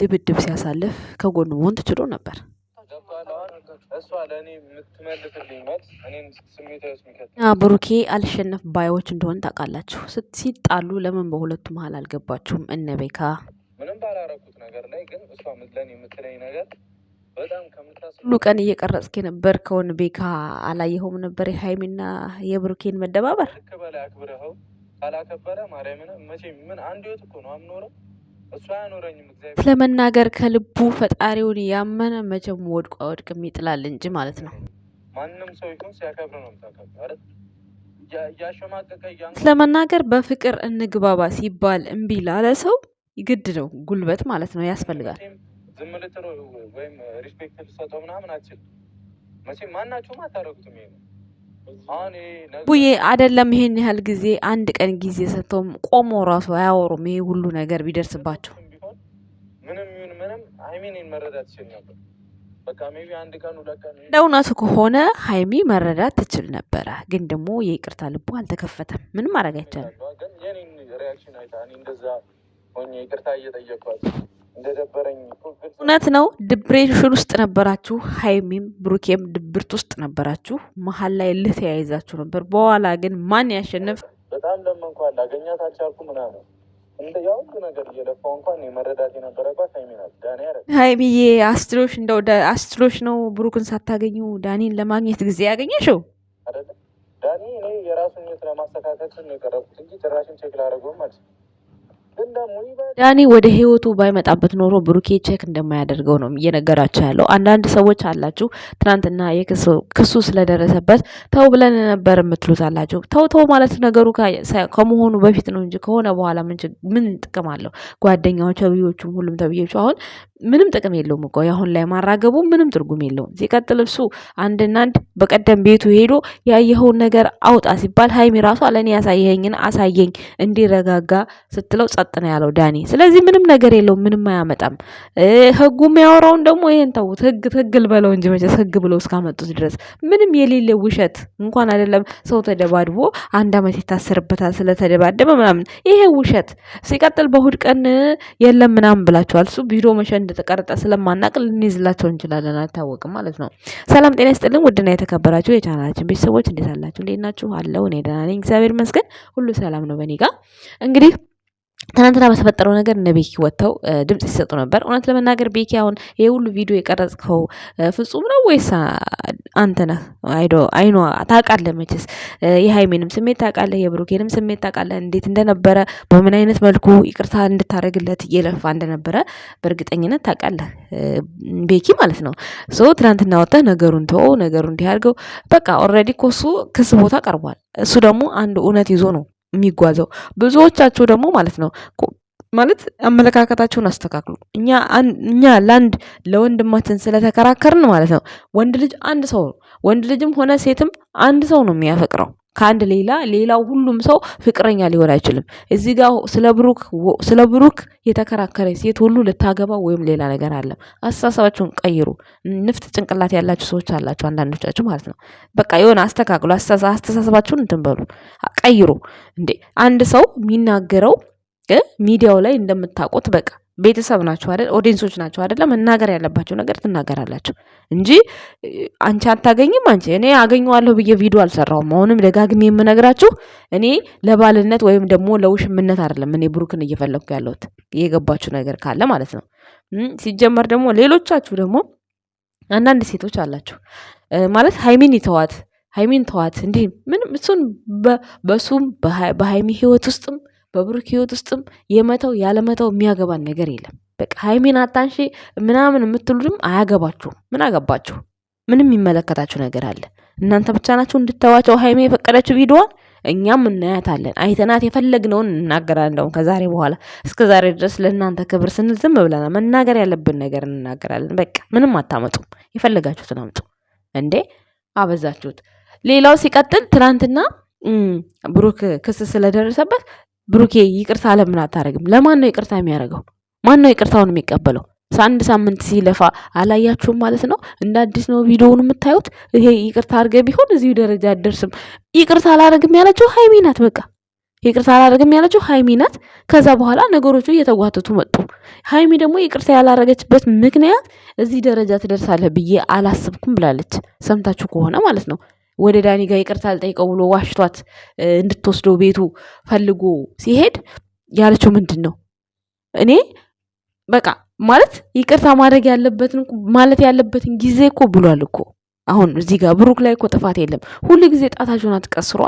ድብድብ ሲያሳልፍ ከጎኑ መሆን ትችሎ ነበር። ብሩኬ አልሸነፍ ባዮች እንደሆን ታውቃላችሁ። ሲጣሉ ለምን በሁለቱ መሀል አልገባችሁም? እነ ቤካ ምንም ባላረኩት ነገር ላይ ግን እሷ ምትለን የምትለኝ ነገር ሁሉ ቀን እየቀረጽክ ነበር። ከሆን ቤካ አላየኸውም ነበር የሀይሚና የብሩኬን መደባበር። ልክ አክብረኸው ካላከበረ ማርያምን መቼ ምን አንድ እኮ ነው አምኖረው ስለመናገር ከልቡ ፈጣሪውን ያመነ መቼም ወድቆ አይወድቅም ይጥላል እንጂ ማለት ነው። ስለመናገር በፍቅር እንግባባ ሲባል እምቢ ላለ ሰው ግድ ነው፣ ጉልበት ማለት ነው ያስፈልጋል። ዝም ልትል ወይም ሪስፔክት ልሰጠው ምናምን አችል መቼም ማናችሁም አታረጉትም ይሄ ነው ቡዬ አይደለም ይሄን ያህል ጊዜ አንድ ቀን ጊዜ ሰጥተውም ቆሞ ራሱ አያወሩም። ይሄ ሁሉ ነገር ቢደርስባቸው ምንም ይሁን ምንም ሀይሚን መረዳት ይችል ነበር። እውነቱ ከሆነ ሀይሚ መረዳት ትችል ነበረ፣ ግን ደግሞ የይቅርታ ልቦ አልተከፈተም። ምንም ማድረግ አይቻልም። እውነት ነው። ዲፕሬሽን ውስጥ ነበራችሁ። ሀይሚም ብሩኬም ድብርት ውስጥ ነበራችሁ። መሀል ላይ ልህ ተያይዛችሁ ነበር። በኋላ ግን ማን ያሸንፍ? በጣም ለመንኳ ላገኛት አልቻልኩ ምናምን ሀይሚዬ አስትሮሽ እንደው አስትሮሽ ነው። ብሩክን ሳታገኙ ዳኒን ለማግኘት ጊዜ ያገኘሽው ዳኒ እኔ የራሱን ለማስተካከል ነው እንጂ ጭራሽን ቼክ ዳኒ ወደ ህይወቱ ባይመጣበት ኖሮ ብሩኬ ቼክ እንደማያደርገው ነው እየነገራቸው ያለው። አንዳንድ ሰዎች አላችሁ ትናንትና ክሱ ስለደረሰበት ተው ብለን ነበር የምትሉት አላችሁ። ተው ተው ማለት ነገሩ ከመሆኑ በፊት ነው እንጂ ከሆነ በኋላ ምን ጥቅም አለው? ጓደኛዎች፣ ተብዮቹም ሁሉም ተብዮቹ አሁን ምንም ጥቅም የለውም እኮ አሁን ላይ ማራገቡ ምንም ትርጉም የለውም። ሲቀጥል እሱ አንድና አንድ በቀደም ቤቱ ሄዶ ያየኸውን ነገር አውጣ ሲባል ሀይሚ ራሱ ለእኔ ያሳየኝን አሳየኝ እንዲረጋጋ ስትለው ጸጥ ነው ያለው ዳኒ። ስለዚህ ምንም ነገር የለውም፣ ምንም አያመጣም። ህጉ የሚያወራውን ደግሞ ይሄን ተውት፣ ህግ ህግ ልበለው እንጂ መቼስ ህግ ብለው እስካመጡት ድረስ ምንም የሌለ ውሸት እንኳን አይደለም ሰው ተደባድቦ አንድ አመት ይታሰርበታል ስለተደባደበ ምናምን፣ ይሄ ውሸት። ሲቀጥል በእሑድ ቀን የለም ምናምን ብላችኋል። እሱ ቢሮ መሸ እንደተቀረጠ ስለማናቅ ልንይዝላቸው እንችላለን፣ አልታወቅም ማለት ነው። ሰላም ጤና ይስጥልን ውድና የተከበራችሁ የቻናላችን ቤተሰቦች እንዴት አላችሁ? እንዴት ናችሁ? አለው እኔ ደህና ነኝ፣ እግዚአብሔር ይመስገን። ሁሉ ሰላም ነው በኔ ጋር እንግዲህ ትናንትና በተፈጠረው ነገር እነ ቤኪ ወጥተው ድምጽ ሲሰጡ ነበር። እውነት ለመናገር ቤኪ አሁን የሁሉ ሁሉ ቪዲዮ የቀረጽከው ፍጹም ነው ወይስ አንተ ነህ? አይኖ ታውቃለህ። መቼስ የሀይሜንም ስሜት ታውቃለህ፣ የብሩኬንም ስሜት ታውቃለህ። እንዴት እንደነበረ በምን አይነት መልኩ ይቅርታ እንድታደርግለት እየለፋ እንደነበረ በእርግጠኝነት ታውቃለህ፣ ቤኪ ማለት ነው። ሶ ትናንትና ወጥተህ ነገሩን ተወው፣ ነገሩን እንዲህ አድርገው። በቃ ኦልሬዲ እኮ እሱ ክስ ቦታ ቀርቧል። እሱ ደግሞ አንድ እውነት ይዞ ነው የሚጓዘው። ብዙዎቻቸው ደግሞ ማለት ነው ማለት አመለካከታቸውን አስተካክሉ። እኛ እኛ ለአንድ ለወንድማችን ስለተከራከርን ማለት ነው ወንድ ልጅ አንድ ሰው ነው። ወንድ ልጅም ሆነ ሴትም አንድ ሰው ነው የሚያፈቅረው ከአንድ ሌላ ሌላው ሁሉም ሰው ፍቅረኛ ሊሆን አይችልም። እዚህ ጋር ስለ ብሩክ ስለ ብሩክ የተከራከረ ሴት ሁሉ ልታገባ ወይም ሌላ ነገር አለ። አስተሳሰባችሁን ቀይሩ። ንፍት ጭንቅላት ያላችሁ ሰዎች አላችሁ፣ አንዳንዶቻችሁ ማለት ነው። በቃ የሆነ አስተካክሉ፣ አስተሳሰባችሁን እንትን በሉ። ቀይሩ። እንዴ አንድ ሰው የሚናገረው ሚዲያው ላይ እንደምታውቁት በቃ ቤተሰብ ናቸው አይደል? ኦዲንሶች ናቸው አይደለ? መናገር ያለባቸው ነገር ትናገራላችሁ እንጂ አንቺ አታገኝም። አንቺ እኔ አገኘዋለሁ ብዬ ቪዲዮ አልሰራሁም። አሁንም ደጋግሜ የምነግራችሁ እኔ ለባልነት ወይም ደግሞ ለውሽምነት አይደለም እኔ ብሩክን እየፈለግኩ ያለሁት የገባችሁ ነገር ካለ ማለት ነው። ሲጀመር ደግሞ ሌሎቻችሁ ደግሞ አንዳንድ ሴቶች አላችሁ ማለት ሀይሚን ይተዋት ሃይሚን ተዋት እንዲህ ምንም እሱን በሱም በሃይሚ ህይወት ውስጥም በብሩክ ህይወት ውስጥም የመተው ያለመተው የሚያገባን ነገር የለም። በቃ ሃይሚን አታንሺ ምናምን የምትሉትም አያገባችሁም። ምን አገባችሁ? ምንም የሚመለከታችሁ ነገር አለ? እናንተ ብቻ ናችሁ እንድታዋቸው ሃይሚ የፈቀደችው ቪዲዮዋን እኛም እናያታለን፣ አይተናት የፈለግነውን እናገራለን። እንደውም ከዛሬ በኋላ እስከ ዛሬ ድረስ ለእናንተ ክብር ስንል ዝም ብለና መናገር ያለብን ነገር እንናገራለን። በቃ ምንም አታመጡም፣ የፈለጋችሁትን አምጡ። እንዴ አበዛችሁት። ሌላው ሲቀጥል ትናንትና ብሩክ ክስ ስለደረሰበት ብሩኬ ይቅርታ ለምን አታደርግም? ለማን ነው ይቅርታ የሚያደርገው? ማን ነው ይቅርታውን የሚቀበለው? አንድ ሳምንት ሲለፋ አላያችሁም ማለት ነው። እንደ አዲስ ነው ቪዲዮውን የምታዩት። ይሄ ይቅርታ አድርገ ቢሆን እዚሁ ደረጃ አደርስም። ይቅርታ አላደርግም ያለችው ሀይሚ ናት። በቃ ይቅርታ አላደርግም ያለችው ሀይሚ ናት። ከዛ በኋላ ነገሮቹ እየተጓተቱ መጡ። ሀይሚ ደግሞ ይቅርታ ያላደረገችበት ምክንያት እዚህ ደረጃ ትደርሳለህ ብዬ አላስብኩም ብላለች። ሰምታችሁ ከሆነ ማለት ነው ወደ ዳኒ ጋር ይቅርታ ልጠይቀው ብሎ ዋሽቷት እንድትወስደው ቤቱ ፈልጎ ሲሄድ ያለችው ምንድን ነው? እኔ በቃ ማለት ይቅርታ ማድረግ ያለበትን ማለት ያለበትን ጊዜ እኮ ብሏል እኮ አሁን እዚህ ጋር ብሩክ ላይ እኮ ጥፋት የለም። ሁሉ ጊዜ ጣታችሁን አትቀስሯ።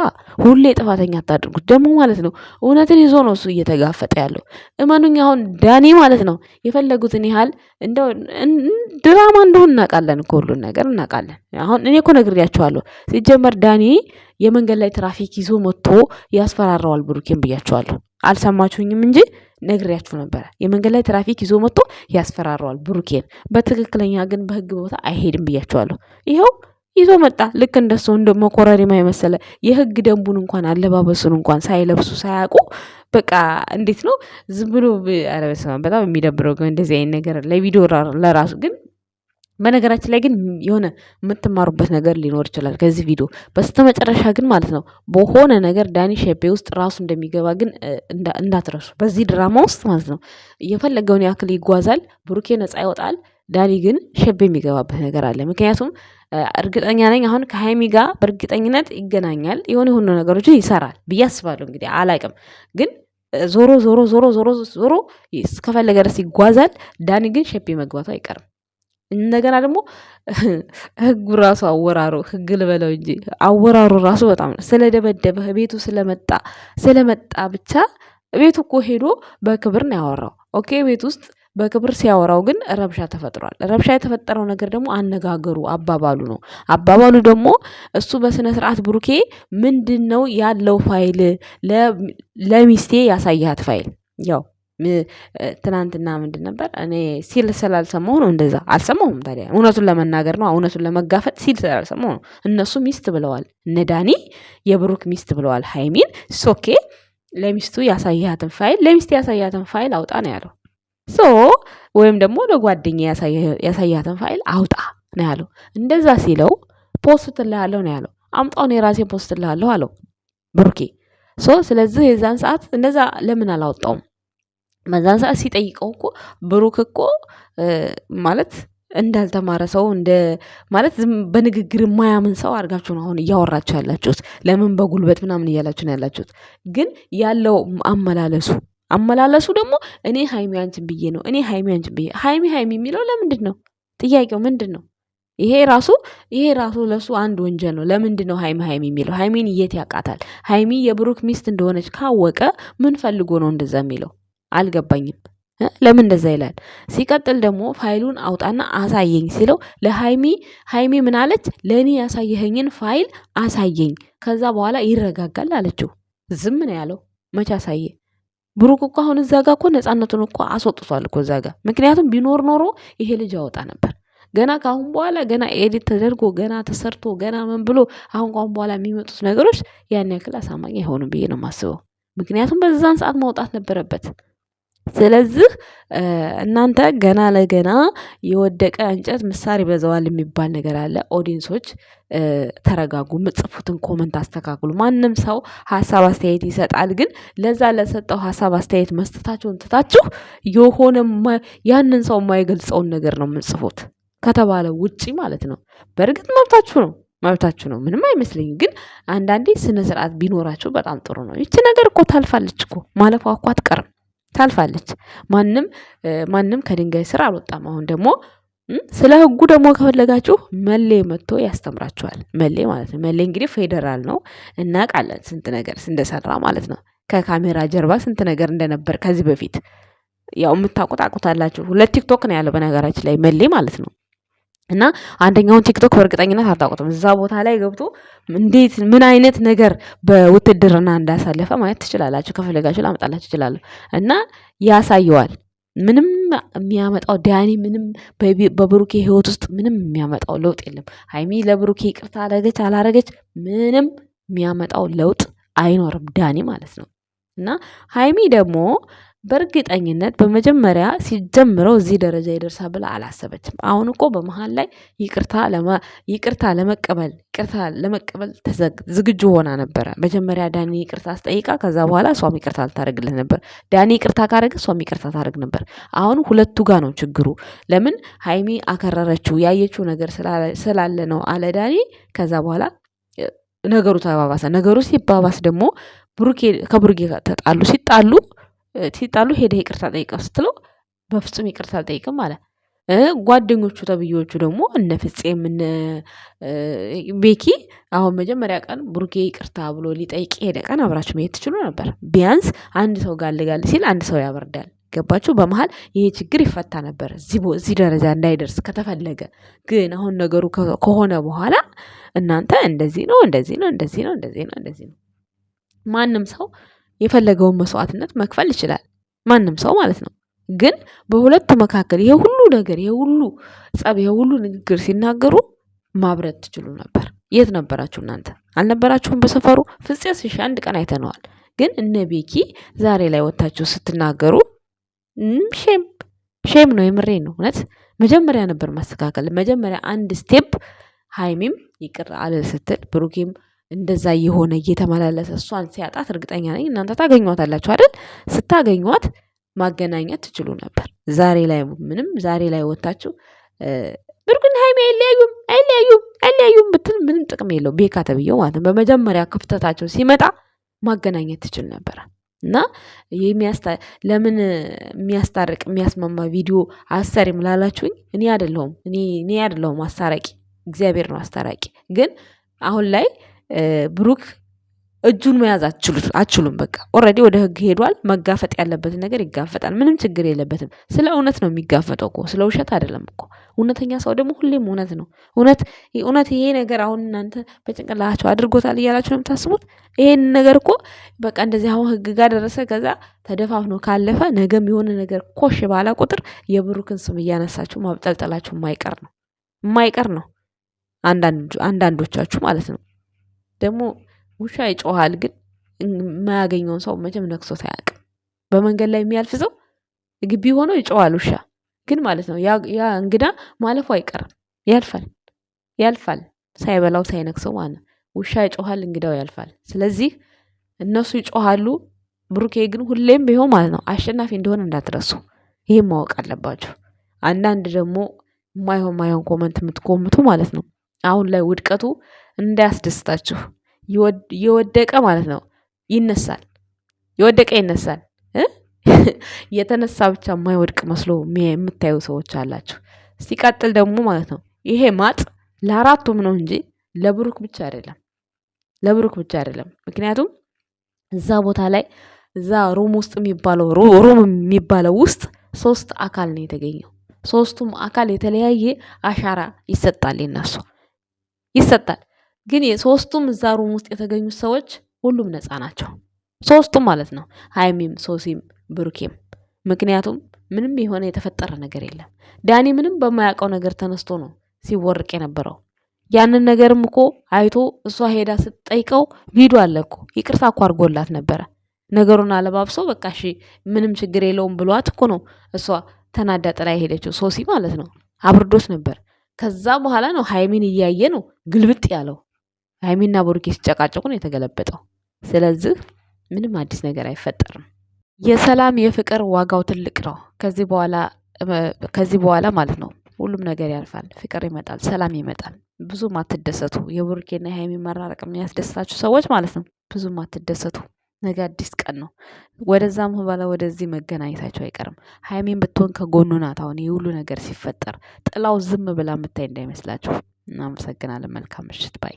ሁሌ ጥፋተኛ አታድርጉት። ደግሞ ማለት ነው እውነትን ይዞ ነው እሱ እየተጋፈጠ ያለው። እመኑኝ፣ አሁን ዳኒ ማለት ነው የፈለጉትን ያህል ድራማ እንደሆን እናውቃለን እኮ ሁሉን ነገር እናውቃለን። አሁን እኔ እኮ ነግሬያቸዋለሁ። ሲጀመር ዳኒ የመንገድ ላይ ትራፊክ ይዞ መጥቶ ያስፈራረዋል ብሩኬን ብያቸዋለሁ። አልሰማችሁኝም እንጂ ነግሬያችሁ ነበረ። የመንገድ ላይ ትራፊክ ይዞ መጥቶ ያስፈራረዋል ብሩኬን። በትክክለኛ ግን በህግ ቦታ አይሄድም ብያቸዋለሁ ይኸው ይዞ መጣ። ልክ እንደሱ እንደ መኮረሪማ የመሰለ የህግ ደንቡን እንኳን አለባበሱን እንኳን ሳይለብሱ ሳያውቁ በቃ እንዴት ነው ዝም ብሎ ኧረ በጣም የሚደብረው። ግን እንደዚህ አይነት ነገር ለቪዲዮ ለራሱ ግን በነገራችን ላይ ግን የሆነ የምትማሩበት ነገር ሊኖር ይችላል ከዚህ ቪዲዮ። በስተመጨረሻ ግን ማለት ነው በሆነ ነገር ዳኒ ሸቤ ውስጥ ራሱ እንደሚገባ ግን እንዳትረሱ። በዚህ ድራማ ውስጥ ማለት ነው የፈለገውን ያክል ይጓዛል፣ ብሩኬ ነፃ ይወጣል። ዳኒ ግን ሸቤ የሚገባበት ነገር አለ። ምክንያቱም እርግጠኛ ነኝ አሁን ከሀይሚ ጋር በእርግጠኝነት ይገናኛል፣ የሆነ የሆኑ ነገሮችን ይሰራል ብዬ አስባለሁ። እንግዲህ አላቅም ግን ዞሮ ዞሮ ዞሮ ዞሮ ዞሮ እስከፈለገ ድረስ ይጓዛል። ዳኒ ግን ሸቤ መግባቱ አይቀርም። እንደገና ደግሞ ህጉ ራሱ አወራሩ ህግ ልበለው እንጂ አወራሩ ራሱ በጣም ነው። ስለደበደበ ቤቱ ስለመጣ ስለመጣ ብቻ ቤቱ እኮ ሄዶ በክብር ነው ያወራው። ኦኬ ቤት ውስጥ በክብር ሲያወራው ግን ረብሻ ተፈጥሯል። ረብሻ የተፈጠረው ነገር ደግሞ አነጋገሩ አባባሉ ነው። አባባሉ ደግሞ እሱ በስነ ስርዓት ብሩኬ ምንድን ነው ያለው ፋይል ለሚስቴ ያሳያት ፋይል ያው ትናንትና ምንድን ነበር? እኔ ሲል ስላልሰማሁ ነው እንደዛ። አልሰማሁም። ታዲያ እውነቱን ለመናገር ነው፣ እውነቱን ለመጋፈጥ ሲል ስላልሰማሁ ነው። እነሱ ሚስት ብለዋል፣ እነ ዳኒ የብሩክ ሚስት ብለዋል ሀይሚን። ሶኬ ለሚስቱ ያሳያትን ፋይል ለሚስት ያሳያትን ፋይል አውጣ ነው ያለው። ሶ ወይም ደግሞ ለጓደኛ ያሳያትን ፋይል አውጣ ነው ያለው። እንደዛ ሲለው ፖስት እልሃለሁ ነው ያለው። አምጣውን የራሴ ፖስት እልሃለሁ አለው ብሩኬ። ሶ ስለዚህ የዛን ሰዓት እንደዛ ለምን አላወጣውም? በዛን ሰዓት ሲጠይቀው እኮ ብሩክ እኮ ማለት እንዳልተማረ ሰው እንደ ማለት በንግግር የማያምን ሰው አድርጋችሁ ነው አሁን እያወራችሁ ያላችሁት። ለምን በጉልበት ምናምን እያላችሁ ነው ያላችሁት። ግን ያለው አመላለሱ አመላለሱ ደግሞ እኔ ሀይሚ አንቺን ብዬ ነው እኔ ሀይሚ አንቺን ብዬ ሀይሚ ሀይሚ የሚለው ለምንድን ነው? ጥያቄው ምንድን ነው? ይሄ ራሱ ይሄ ራሱ ለሱ አንድ ወንጀል ነው። ለምንድን ነው ሀይሚ ሀይሚ የሚለው? ሀይሚን የት ያውቃታል? ሀይሚ የብሩክ ሚስት እንደሆነች ካወቀ ምን ፈልጎ ነው እንደዛ የሚለው? አልገባኝም። ለምን እንደዛ ይላል? ሲቀጥል ደግሞ ፋይሉን አውጣና አሳየኝ ሲለው ለሃይሚ ሃይሚ ምን አለች? ለእኔ ያሳየኸኝን ፋይል አሳየኝ፣ ከዛ በኋላ ይረጋጋል አለችው። ዝም ነው ያለው። መቼ አሳየ? ብሩክ እኮ አሁን እዛ ጋ እኮ ነፃነቱን እኮ አስወጥቷል እኮ እዛ ጋ። ምክንያቱም ቢኖር ኖሮ ይሄ ልጅ ያወጣ ነበር። ገና ከአሁን በኋላ ገና ኤዲት ተደርጎ ገና ተሰርቶ ገና ምን ብሎ አሁን ከአሁን በኋላ የሚመጡት ነገሮች ያን ያክል አሳማኝ አይሆኑም ብዬ ነው የማስበው። ምክንያቱም በዛን ሰዓት ማውጣት ነበረበት። ስለዚህ እናንተ ገና ለገና የወደቀ እንጨት ምሳር ይበዛዋል የሚባል ነገር አለ። ኦዲንሶች ተረጋጉ ምጽፉትን ኮመንት አስተካክሉ። ማንም ሰው ሀሳብ አስተያየት ይሰጣል፣ ግን ለዛ ለሰጠው ሀሳብ አስተያየት መስጠታችሁን ትታችሁ የሆነ ያንን ሰው የማይገልጸውን ነገር ነው ምጽፉት ከተባለ ውጪ ማለት ነው። በእርግጥ መብታችሁ ነው መብታችሁ ነው ምንም አይመስለኝም። ግን አንዳንዴ ስነ ስርዓት ቢኖራችሁ በጣም ጥሩ ነው። ይቺ ነገር እኮ ታልፋለች እኮ ማለፏ እኮ አትቀርም። ታልፋለች። ማንም ማንም ከድንጋይ ስር አልወጣም። አሁን ደግሞ ስለ ህጉ ደግሞ ከፈለጋችሁ መሌ መጥቶ ያስተምራችኋል። መሌ ማለት ነው። መሌ እንግዲህ ፌዴራል ነው፣ እናውቃለን ስንት ነገር እንደሰራ ማለት ነው። ከካሜራ ጀርባ ስንት ነገር እንደነበር ከዚህ በፊት ያው የምታውቁት አቁታላችሁ። ሁለት ቲክቶክ ነው ያለው በነገራችን ላይ መሌ ማለት ነው። እና አንደኛውን ቲክቶክ በእርግጠኝነት አታውቁትም። እዛ ቦታ ላይ ገብቶ እንዴት ምን አይነት ነገር በውትድርና እንዳሳለፈ ማየት ትችላላችሁ። ከፈለጋችሁ ላመጣላችሁ ይችላለሁ እና ያሳየዋል። ምንም የሚያመጣው ዳኒ ምንም በብሩኬ ህይወት ውስጥ ምንም የሚያመጣው ለውጥ የለም። ሀይሚ ለብሩኬ ይቅርታ አረገች አላረገች ምንም የሚያመጣው ለውጥ አይኖርም ዳኒ ማለት ነው እና ሀይሚ ደግሞ በእርግጠኝነት በመጀመሪያ ሲጀምረው እዚህ ደረጃ ይደርሳ ብላ አላሰበችም። አሁን እኮ በመሃል ላይ ይቅርታ ለመቀበል ይቅርታ ለመቀበል ዝግጁ ሆና ነበረ። መጀመሪያ ዳኒ ይቅርታ አስጠይቃ ከዛ በኋላ እሷም ይቅርታ ልታደርግለት ነበር። ዳኒ ይቅርታ ካደረግ እሷም ይቅርታ ታደርግ ነበር። አሁን ሁለቱ ጋ ነው ችግሩ። ለምን ሀይሚ አከረረችው? ያየችው ነገር ስላለ ነው አለ ዳኒ። ከዛ በኋላ ነገሩ ተባባሰ። ነገሩ ሲባባስ ደግሞ ከብሩኬ ተጣሉ። ሲጣሉ ሲጣሉ ሄደ ይቅርታ ጠይቀ ስትለው በፍጹም ይቅርታ አልጠይቅም አለ። ጓደኞቹ ተብዬዎቹ ደግሞ እነ ፍፄም እነ ቤኪ አሁን መጀመሪያ ቀን ቡርጌ ይቅርታ ብሎ ሊጠይቅ ሄደ ቀን አብራችሁ መሄድ ትችሉ ነበር። ቢያንስ አንድ ሰው ጋልጋል ሲል አንድ ሰው ያበርዳል። ገባችሁ? በመሃል ይሄ ችግር ይፈታ ነበር። እዚህ ደረጃ እንዳይደርስ ከተፈለገ ግን አሁን ነገሩ ከሆነ በኋላ እናንተ እንደዚህ ነው እንደዚህ ነው እንደዚህ ነው እንደዚህ ነው እንደዚህ ነው ማንም ሰው የፈለገውን መስዋዕትነት መክፈል ይችላል። ማንም ሰው ማለት ነው። ግን በሁለቱ መካከል ይሄ ሁሉ ነገር ይሄ ሁሉ ጸብ፣ ይሄ ሁሉ ንግግር ሲናገሩ ማብረድ ትችሉ ነበር። የት ነበራችሁ እናንተ? አልነበራችሁም በሰፈሩ? ፍፄስ እሺ አንድ ቀን አይተነዋል። ግን እነ ቤኪ ዛሬ ላይ ወታችሁ ስትናገሩ ሼም ሼም ነው። የምሬ ነው። እውነት መጀመሪያ ነበር ማስተካከል። መጀመሪያ አንድ ስቴፕ ሀይሚም ይቅር አለ ስትል ብሩኬም እንደዛ የሆነ እየተመላለሰ እሷን ሲያጣት እርግጠኛ ነኝ እናንተ ታገኟታላችሁ አይደል? ስታገኟት ማገናኘት ትችሉ ነበር። ዛሬ ላይ ምንም ዛሬ ላይ ወጥታችሁ ብሩክና ሀይሚ አይለያዩም አይለያዩም አይለያዩም ብትል ምንም ጥቅም የለው። ቤካ ተብዬው ማለት ነው በመጀመሪያ ክፍተታቸው ሲመጣ ማገናኘት ትችል ነበረ። እና ለምን የሚያስታርቅ የሚያስማማ ቪዲዮ አሰሪም ላላችሁኝ እኔ አይደለሁም እኔ አይደለሁም አስታራቂ፣ እግዚአብሔር ነው አስታራቂ። ግን አሁን ላይ ብሩክ እጁን መያዝ አችሉም። በቃ ኦልሬዲ ወደ ህግ ሄዷል። መጋፈጥ ያለበትን ነገር ይጋፈጣል። ምንም ችግር የለበትም። ስለ እውነት ነው የሚጋፈጠው እኮ ስለ ውሸት አይደለም እኮ። እውነተኛ ሰው ደግሞ ሁሌም እውነት ነው። እውነት እውነት ይሄ ነገር አሁን እናንተ በጭንቅላቸው አድርጎታል እያላችሁ ነው የምታስቡት። ይሄን ነገር እኮ በቃ እንደዚህ አሁን ህግ ጋር ደረሰ፣ ከዛ ተደፋፍኖ ካለፈ ነገም የሆነ ነገር ኮሽ ባላ ቁጥር የብሩክን ስም እያነሳችሁ ማብጠልጠላችሁ የማይቀር ነው የማይቀር ነው። አንዳንዶቻችሁ ማለት ነው። ደግሞ ውሻ ይጮሃል ግን የማያገኘውን ሰው መቼም ነክሶት አያውቅም። በመንገድ ላይ የሚያልፍ ሰው ግቢ ሆኖ ይጮዋል ውሻ ግን ማለት ነው ያ እንግዳ ማለፉ አይቀርም ያልፋል ያልፋል ሳይበላው ሳይነክሰው ማለት ነው። ውሻ ይጮሃል እንግዳው ያልፋል ስለዚህ እነሱ ይጮሃሉ ብሩኬ ግን ሁሌም ቢሆን ማለት ነው አሸናፊ እንደሆነ እንዳትረሱ ይህም ማወቅ አለባቸው። አንዳንድ ደግሞ ማይሆን ማይሆን ኮመንት የምትኮምቱ ማለት ነው አሁን ላይ ውድቀቱ እንዳያስደስታችሁ። የወደቀ ማለት ነው ይነሳል፣ የወደቀ ይነሳል። የተነሳ ብቻ የማይወድቅ መስሎ የምታዩ ሰዎች አላችሁ። ሲቀጥል ደግሞ ማለት ነው ይሄ ማጥ ለአራቱም ነው እንጂ ለብሩክ ብቻ አይደለም፣ ለብሩክ ብቻ አይደለም። ምክንያቱም እዛ ቦታ ላይ እዛ ሩም ውስጥ የሚባለው ሩም የሚባለው ውስጥ ሶስት አካል ነው የተገኘው። ሶስቱም አካል የተለያየ አሻራ ይሰጣል፣ ይነሱ ይሰጣል። ግን የሶስቱም እዛ ሩም ውስጥ የተገኙት ሰዎች ሁሉም ነፃ ናቸው። ሶስቱም ማለት ነው ሀይሚም፣ ሶሲም፣ ብሩኬም። ምክንያቱም ምንም የሆነ የተፈጠረ ነገር የለም። ዳኒ ምንም በማያውቀው ነገር ተነስቶ ነው ሲወርቅ የነበረው። ያንን ነገርም እኮ አይቶ እሷ ሄዳ ስትጠይቀው ቪዲዮ አለ እኮ ይቅርታ እኮ አድርጎላት ነበረ። ነገሩን አለባብሶ በቃ እሺ ምንም ችግር የለውም ብሏት እኮ ነው እሷ ተናዳ ጥላ የሄደችው ሶሲ ማለት ነው። አብርዶት ነበር። ከዛ በኋላ ነው ሀይሚን እያየ ነው ግልብጥ ያለው። ሃይሚና ቦርጌ ሲጨቃጨቁ ነው የተገለበጠው። ስለዚህ ምንም አዲስ ነገር አይፈጠርም። የሰላም የፍቅር ዋጋው ትልቅ ነው። ከዚህ በኋላ ከዚህ በኋላ ማለት ነው ሁሉም ነገር ያልፋል። ፍቅር ይመጣል፣ ሰላም ይመጣል። ብዙም አትደሰቱ። የቡርኬና የሃይሚ መራረቅ የሚያስደስታችሁ ሰዎች ማለት ነው ብዙም አትደሰቱ። ነገ አዲስ ቀን ነው። ወደዛም በኋላ ወደዚህ መገናኘታቸው አይቀርም። ሀይሚን ብትሆን ከጎኑ ናት። አሁን የሁሉ ነገር ሲፈጠር ጥላው ዝም ብላ የምታይ እንዳይመስላችሁ። እናመሰግናለን። መልካም ምሽት ባይ